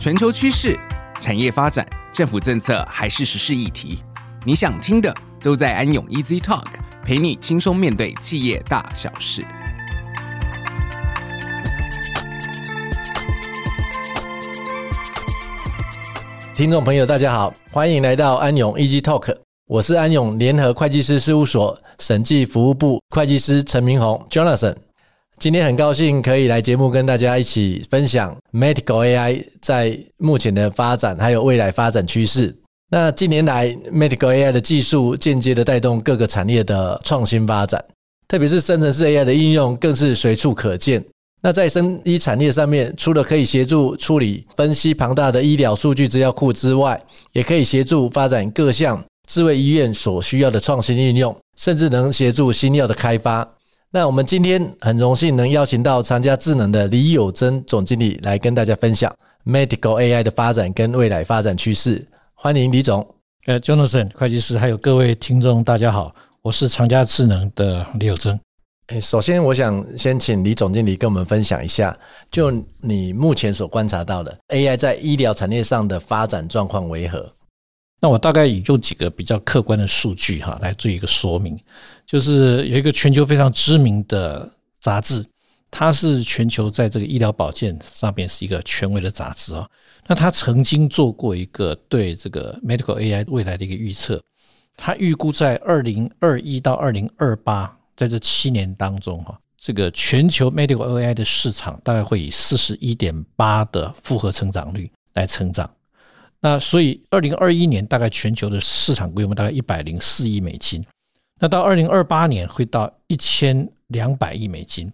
全球趨勢、產業發展、政府政策還是時事議題，你想聽的都在安永 Easy Talk，陪你輕鬆面對企業大小事。聽眾朋友，大家好，歡迎來到安永 Easy Talk，我是安永聯合會計師事務所審計服務部會計師陳明宏 （Jonathan）。今天很高興可以來節目跟大家一起分享 Medical AI 在目前的發展還有未來發展趨勢。那近年來 Medical AI 的技術間接地帶動各個產業的創新發展，特別是生成式 AI 的應用更是隨處可見。那在生醫產業上面，除了可以協助處理分析龐大的醫療數據資料庫之外，也可以協助發展各項智慧醫院所需要的創新應用，甚至能協助新藥的開發。那我們今天很榮幸能邀請到長佳智能的李友錚總經理來跟大家分享 Medical AI 的發展跟未來發展趨勢。歡迎李總，呃，Jonathan 會計師，還有各位聽眾，大家好，我是長佳智能的李友錚。誒，首先我想先請李總經理跟我們分享一下，就你目前所觀察到的 AI 在醫療產業上的發展狀況為何？那我大概以用幾個比較客觀的數據哈，來做一個說明，就是有一個全球非常知名的雜誌，它是全球在這個醫療保健上面是一個權威的雜誌啊。那它曾經做過一個對這個 medical AI 未來的一個預測，它預估在二零二一到二零二八，在這七年當中哈，這個全球 medical AI 的市場大概會以四十一點八的複合成長率來成長。那所以，二零二一年大概全球的市場規模大概一百零四億美金，那到二零二八年會到一千兩百億美金。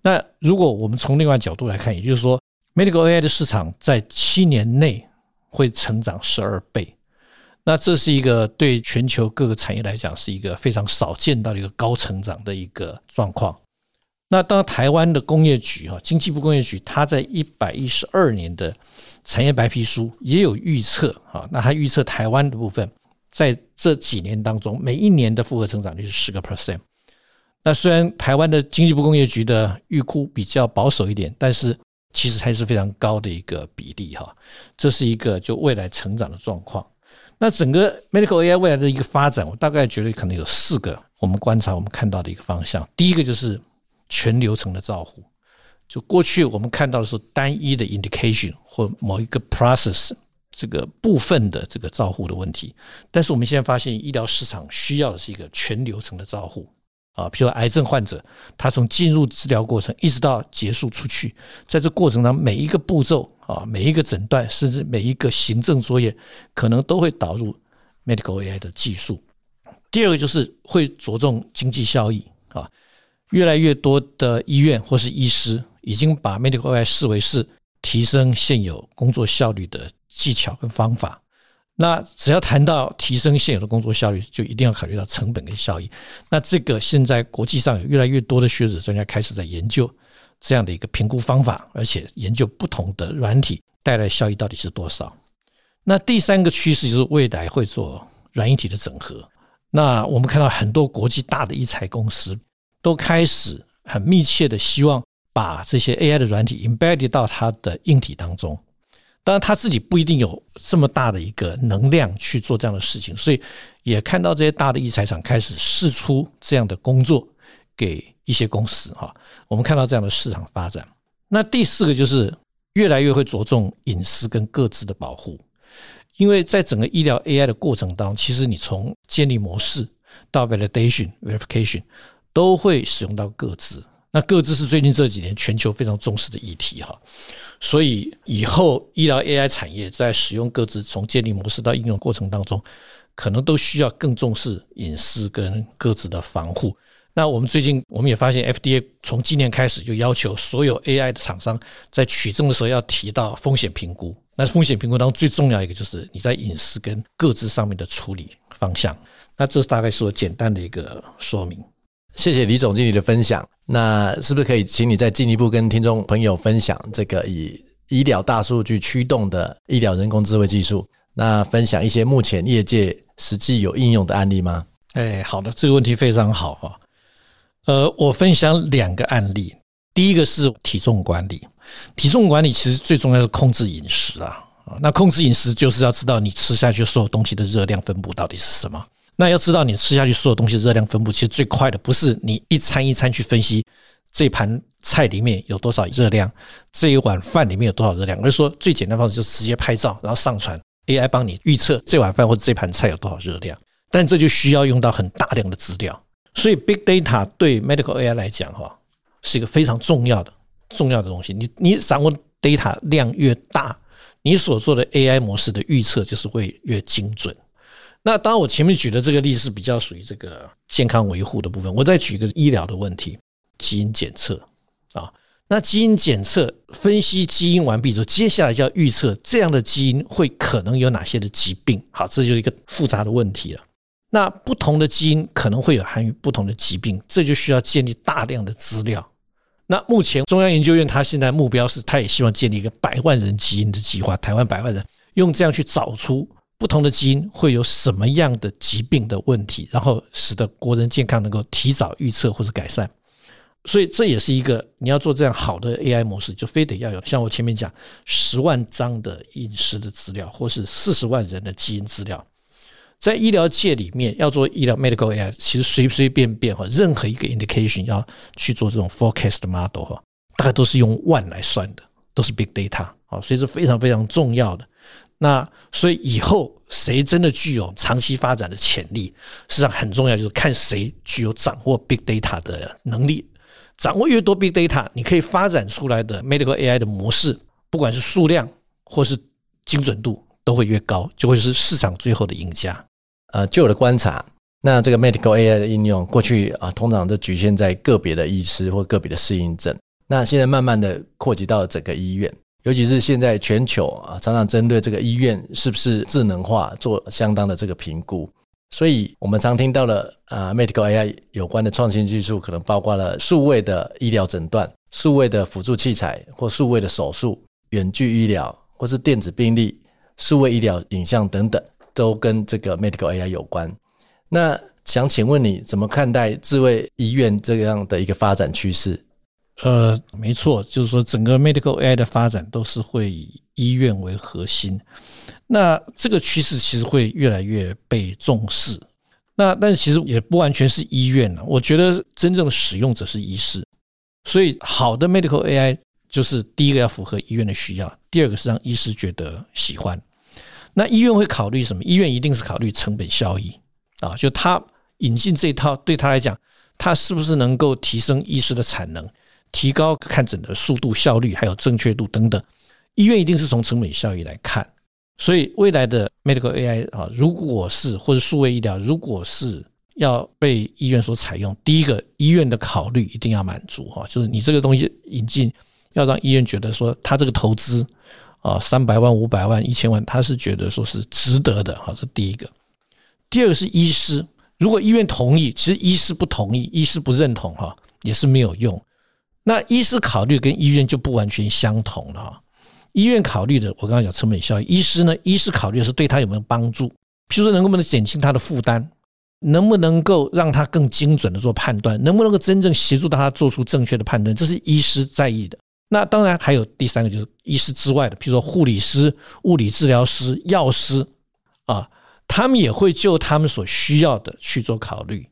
那如果我們從另外角度來看，也就是說，Medical AI 的市場在七年內會成長十二倍，那這是一個對全球各個產業來講是一個非常少見到的一個高成長的一個狀況。那當台灣的工業局哈，經濟部工業局，它在一百一十二年的產業白皮書也有預測哈。那它預測台灣的部分，在這幾年當中，每一年的複合成長率是十個 percent。那雖然台灣的經濟部工業局的預估比較保守一點，但是其實還是非常高的一個比例哈。這是一個就未來成長的狀況。那整個 Medical AI 未來的一個發展，我大概覺得可能有四個我們觀察我們看到的一個方向。第一個就是。全流程的照護，就過去我們看到的是單一的 indication 或某一個 process 這個部分的這個照護的問題，但是我們現在發現，醫療市場需要的是一個全流程的照護啊，譬如癌症患者，他從進入治療過程一直到結束出去，在這過程中每一個步驟啊，每一個診斷甚至每一個行政作業，可能都會導入 medical AI 的技術。第二個就是會着重經濟效益啊。越來越多的醫院或是醫師已經把 Medical AI 視為是提升現有工作效率的技巧跟方法。那只要談到提升現有的工作效率，就一定要考慮到成本跟效益。那這個現在國際上有越來越多的學者專家開始在研究這樣的一個評估方法，而且研究不同的軟體帶來效益到底是多少。那第三個趨勢就是未來會做軟硬體的整合。那我們看到很多國際大的醫材公司，都開始很密切的希望把這些 AI 的軟體 embedded 到它的硬體當中，當然他自己不一定有這麼大的一個能量去做這樣的事情，所以也看到這些大的醫材廠開始釋出這樣的工作給一些公司哈。我們看到這樣的市場發展。那第四個就是越來越會着重隱私跟個資的保護，因為在整個醫療 AI 的過程當中，其實你從建立模式到 validation verification。都會使用到個資，那個資是最近這幾年全球非常重視的議題哈。所以以後醫療 AI 產業在使用個資從建立模式到應用過程當中，可能都需要更重視隱私跟個資的防護。那我們最近我們也發現，FDA 從今年開始就要求所有 AI 的廠商在取證的時候要提到風險評估。那風險評估當中最重要一個就是你在隱私跟個資上面的處理方向。那這大概是我簡單的一個說明。謝謝李總經理的分享。那是不是可以請你再進一步跟聽眾朋友分享這個以醫療大數據驅動的醫療人工智慧技術？那分享一些目前業界實際有應用的案例嗎？哎，好的，這個問題非常好哈。呃，我分享兩個案例。第一個是體重管理。體重管理其實最重要是控制飲食啊。那控制飲食就是要知道你吃下去所有東西的熱量分布到底是什麼。那要知道你吃下去所有東西熱量分布，其實最快的不是你一餐一餐去分析這盤菜裡面有多少熱量，這一碗飯裡面有多少熱量，而是說最簡單的方式就是直接拍照，然後上傳 AI 幫你預測這碗飯或者這盤菜有多少熱量。但這就需要用到很大量的資料，所以 Big Data 對 Medical AI 來講哈是一個非常重要的重要的東西。你你掌握 Data 量越大，你所做的 AI 模式的預測就是會越精準。那當我前面舉的這個例子，比較屬於這個健康維護的部分，我再舉一個醫療的問題，基因檢測啊，那基因檢測分析基因完畢之後，接下來就要預測這樣的基因會可能有哪些的疾病。好，這就是一個複雜的問題了。那不同的基因可能會有含於不同的疾病，這就需要建立大量的資料。那目前中央研究院它現在目標是，它也希望建立一個百萬人基因的計劃，台灣百萬人用這樣去找出。不同的基因會有什麼樣的疾病的問題，然後使得國人健康能夠提早預測或者改善，所以這也是一個你要做這樣好的 AI 模式，就非得要有像我前面講十萬張的影像的資料，或是四十萬人的基因資料。在醫療界裡面要做醫療 medical AI，其實隨隨便便哈，任何一個 indication 要去做這種 forecast model 哈，大概都是用萬來算的，都是 big data 啊，所以是非常非常重要的。那所以以後誰真的具有長期發展的潛力，實際上很重要就是看誰具有掌握 big data 的能力，掌握越多 big data，你可以發展出來的 medical AI 的模式，不管是數量或是精準度，都會越高，就會是市場最後的贏家。呃，就我的觀察，那這個 medical AI 的應用，過去啊通常都局限在個別的醫師或個別的適應症，那現在慢慢的擴及到整個醫院。尤其是現在全球啊，常常針對這個醫院是不是智能化，做相當的這個評估，所以我們常聽到了啊、呃，Medical AI 有關的創新技術，可能包括了數位的醫療診斷、數位的輔助器材或數位的手術、遠距醫療或是電子病歷、數位醫療影像等等，都跟這個 Medical AI 有關。那想請問你怎麼看待智慧醫院這樣的一個發展趨勢？呃，沒錯，就是說整個 medical AI 的發展都是會以醫院為核心。那這個趨勢其實會越來越被重視。那但是其實也不完全是醫院了。我覺得真正的使用者是醫師，所以好的 medical AI 就是第一個要符合醫院的需要，第二個是讓醫師覺得喜歡。那醫院會考慮什麼？醫院一定是考慮成本效益啊，就他引進這一套對他來講，他是不是能夠提升醫師的產能？提高看診的速度、效率，還有正確度等等，醫院一定是從成本效益來看。所以，未來的 Medical AI 啊，如果是或者數位醫療，如果是要被醫院所採用，第一個醫院的考慮一定要滿足哈，就是你這個東西引進，要讓醫院覺得說，他這個投資啊，三百萬、五百萬、一千萬，他是覺得說是值得的哈，這是第一個，第二個是醫師，如果醫院同意，其實醫師不同意，醫師不認同哈，也是沒有用。那醫師考慮跟醫院就不完全相同了哈、哦。醫院考慮的，我剛剛講成本效益。醫師呢，醫師考慮的是對他有沒有幫助，譬如說能不能減輕他的負擔，能不能夠讓他更精準的做判斷，能不能夠真正協助到他做出正確的判斷，這是醫師在意的。那當然還有第三個，就是醫師之外的，譬如說護理師、物理治療師、藥師啊，他們也會就他們所需要的去做考慮。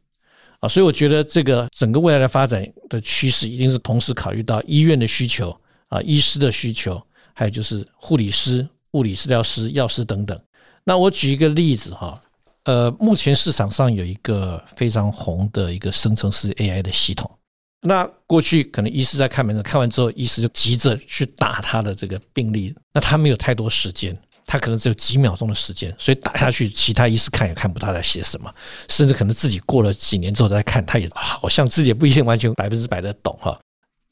所以我覺得這個整個未來的發展的趨勢，一定是同時考慮到醫院的需求啊，醫師的需求，還有就是護理師、物理治療師、藥師等等。那我舉一個例子哈，呃，目前市場上有一個非常紅的一個生成式 AI 的系統。那過去可能醫師在看門診，看完之後醫師就急着去打他的這個病歷，那他沒有太多時間。他可能只有幾秒鐘的時間，所以打下去，其他醫師看也看不到他在寫什麼，甚至可能自己過了幾年之後再看，他也好像自己也不一定完全百分之百的懂哈。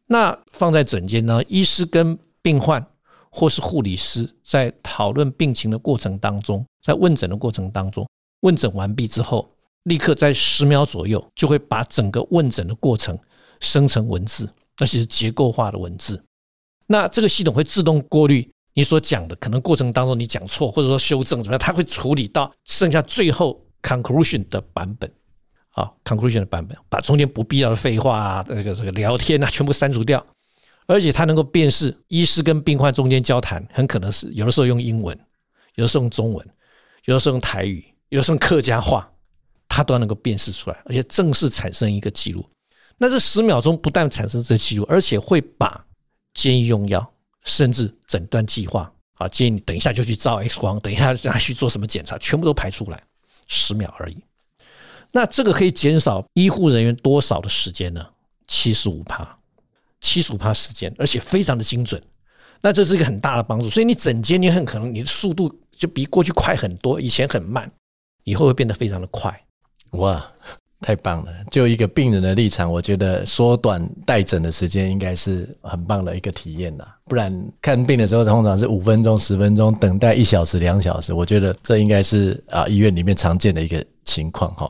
那放在診間呢，醫師跟病患或是護理師在討論病情的過程當中，在問診的過程當中，問診完畢之後，立刻在十秒左右就會把整個問診的過程生成文字，那其實結構化的文字，那這個系統會自動過濾。你所講的可能過程當中你講錯或者說修正怎麼樣，他會處理到剩下最後 conclusion 的版本，啊 conclusion 的版本，把中間不必要的廢話啊，那個這個聊天啊，全部刪除掉，而且它能夠辨識醫師跟病患中間交談，很可能是有的時候用英文，有的時候用中文，有的時候用台語，有的時候用客家話，它都能夠辨識出來，而且正式產生一個記錄。那這十秒鐘不但產生這個記錄，而且會把建議用藥。甚至診斷計劃啊，建議你等一下就去照 X 光，等一下讓他去做什麼檢查，全部都排出來，十秒而已。那這個可以減少醫護人員多少的時間呢？七十五趴，七十五趴時間，而且非常的精準。那這是一個很大的幫助，所以你整間你很可能你的速度就比過去快很多，以前很慢，以後會變得非常的快。哇、wow.！太棒了！就一個病人的立場，我覺得縮短待診的時間應該是很棒的一個體驗吶。不然看病的時候通常是五分鐘、十分鐘，等待一小時、兩小時，我覺得這應該是啊醫院裡面常見的一個情況哈。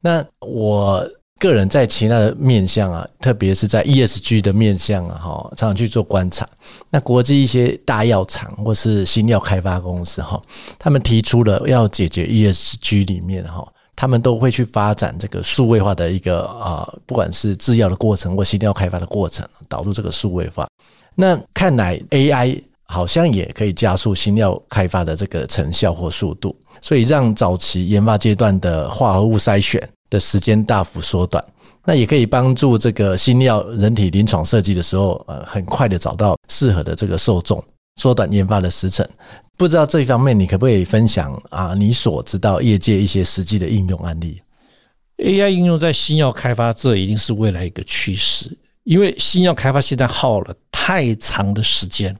那我個人在其他的面向啊，特別是在 ESG 的面向啊哈，常常去做觀察。那國際一些大藥廠或是新藥開發公司哈，他們提出了要解決 ESG 裡面哈。他們都會去發展這個數位化的一個啊、呃，不管是製藥的過程或新藥開發的過程，導入這個數位化。那看來 AI 好像也可以加速新藥開發的這個成效或速度，所以讓早期研發階段的化合物篩選的時間大幅縮短。那也可以幫助這個新藥人體臨床設計的時候，呃，很快的找到適合的這個受眾。縮短研發的時程，不知道這一方面你可不可以分享啊？你所知道業界一些實際的應用案例，AI 應用在新藥開發，這一定是未來一個趨勢。因為新藥開發現在耗了太長的時間，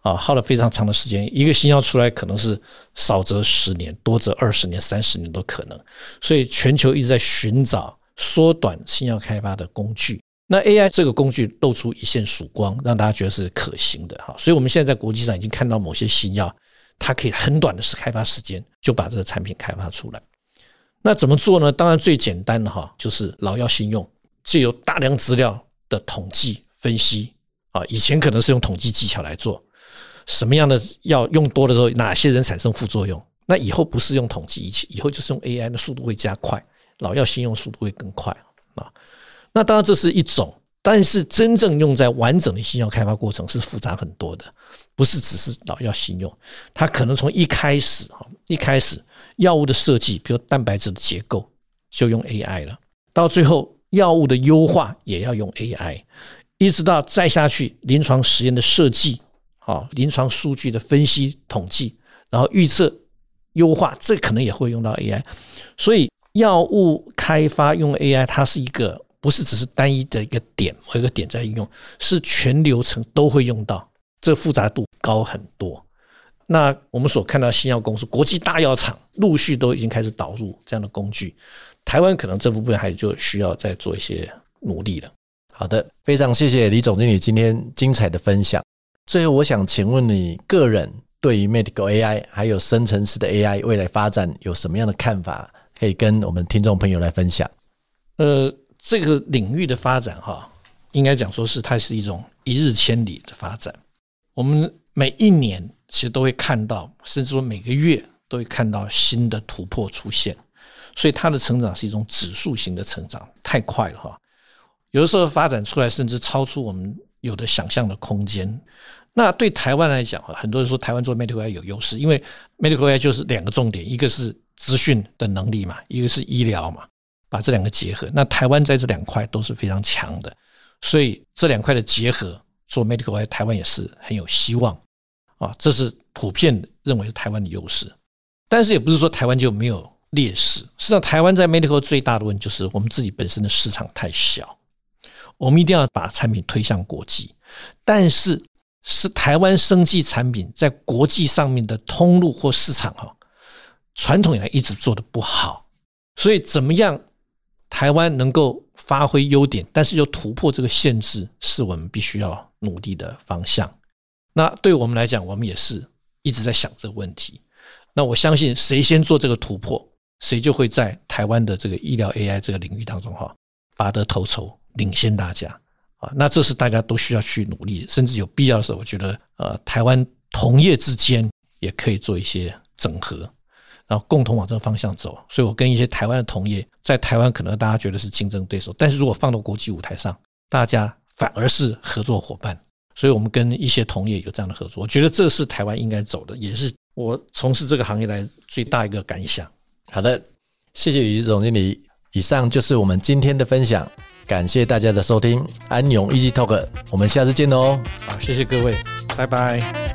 啊，耗了非常長的時間，一個新藥出來可能是少則十年，多則二十年、三十年都可能。所以全球一直在尋找縮短新藥開發的工具。那 AI 這個工具露出一線曙光，讓大家覺得是可行的哈。所以，我們現在在國際上已經看到某些新藥，它可以很短的時開發時間就把這個產品開發出來。那怎麼做呢？當然，最簡單的哈，就是老藥新用，借由大量資料的統計分析啊。以前可能是用統計技巧來做什麼樣的藥用多的時候，哪些人產生副作用。那以後不是用統計儀器，以後就是用 AI，的速度會加快，老藥新用速度會更快啊。那當然，這是一種，但是真正用在完整的新藥開發過程是複雜很多的，不是只是老藥新用。它可能從一開始啊，一開始藥物的設計，比如蛋白質的結構就用 AI 了，到最後藥物的優化也要用 AI，一直到再下去臨床實驗的設計，啊，臨床數據的分析統計，然後預測優化，這可能也會用到 AI。所以，藥物開發用 AI，它是一個。不是只是單一的一個點或一個點在應用，是全流程都會用到，這複雜度高很多。那我們所看到，新藥公司、國際大藥廠陸續都已經開始導入這樣的工具，台灣可能這部分還就需要再做一些努力了。好的，非常謝謝李總經理今天精彩的分享。最後，我想請問你個人對於 Medical AI 還有深層次的 AI 未來發展有什麼樣的看法，可以跟我們聽眾朋友來分享？呃。這個領域的發展哈，應該講說是它是一種一日千里的發展。我們每一年其實都會看到，甚至說每個月都會看到新的突破出現。所以它的成長是一種指數型的成長，太快了哈。有的時候發展出來，甚至超出我們有的想象的空間。那對台灣來講哈，很多人說台灣做 Medical AI 有優勢，因為 Medical AI 就是兩個重點，一個是資訊的能力嘛，一個是醫療嘛。把這兩個結合，那台灣在這兩塊都是非常強的，所以這兩塊的結合做 medical，在台灣也是很有希望，啊，這是普遍認為是台灣的優勢。但是也不是說台灣就沒有劣勢，實際上台灣在 medical 最大的問題就是我們自己本身的市場太小，我們一定要把產品推向國際，但是是台灣生技產品在國際上面的通路或市場哈，傳統以來一直做得不好，所以怎麼樣？台灣能夠發揮優點，但是又突破這個限制，是我們必須要努力的方向。那對我們來講，我們也是一直在想這個問題。那我相信，誰先做這個突破，誰就會在台灣的這個醫療 AI 這個領域當中哈拔得頭籌，領先大家啊。那這是大家都需要去努力，甚至有必要的時候，我覺得呃，台灣同業之間也可以做一些整合。然後共同往這個方向走，所以我跟一些台灣的同業，在台灣可能大家覺得是競爭對手，但是如果放到國際舞台上，大家反而是合作夥伴。所以我們跟一些同業有這樣的合作，我覺得這是台灣應該走的，也是我從事這個行業來最大一個感想。好的，謝謝李總經理，以上就是我們今天的分享，感謝大家的收聽，安永 Easy Talk，我們下次見哦，好，謝謝各位，拜拜。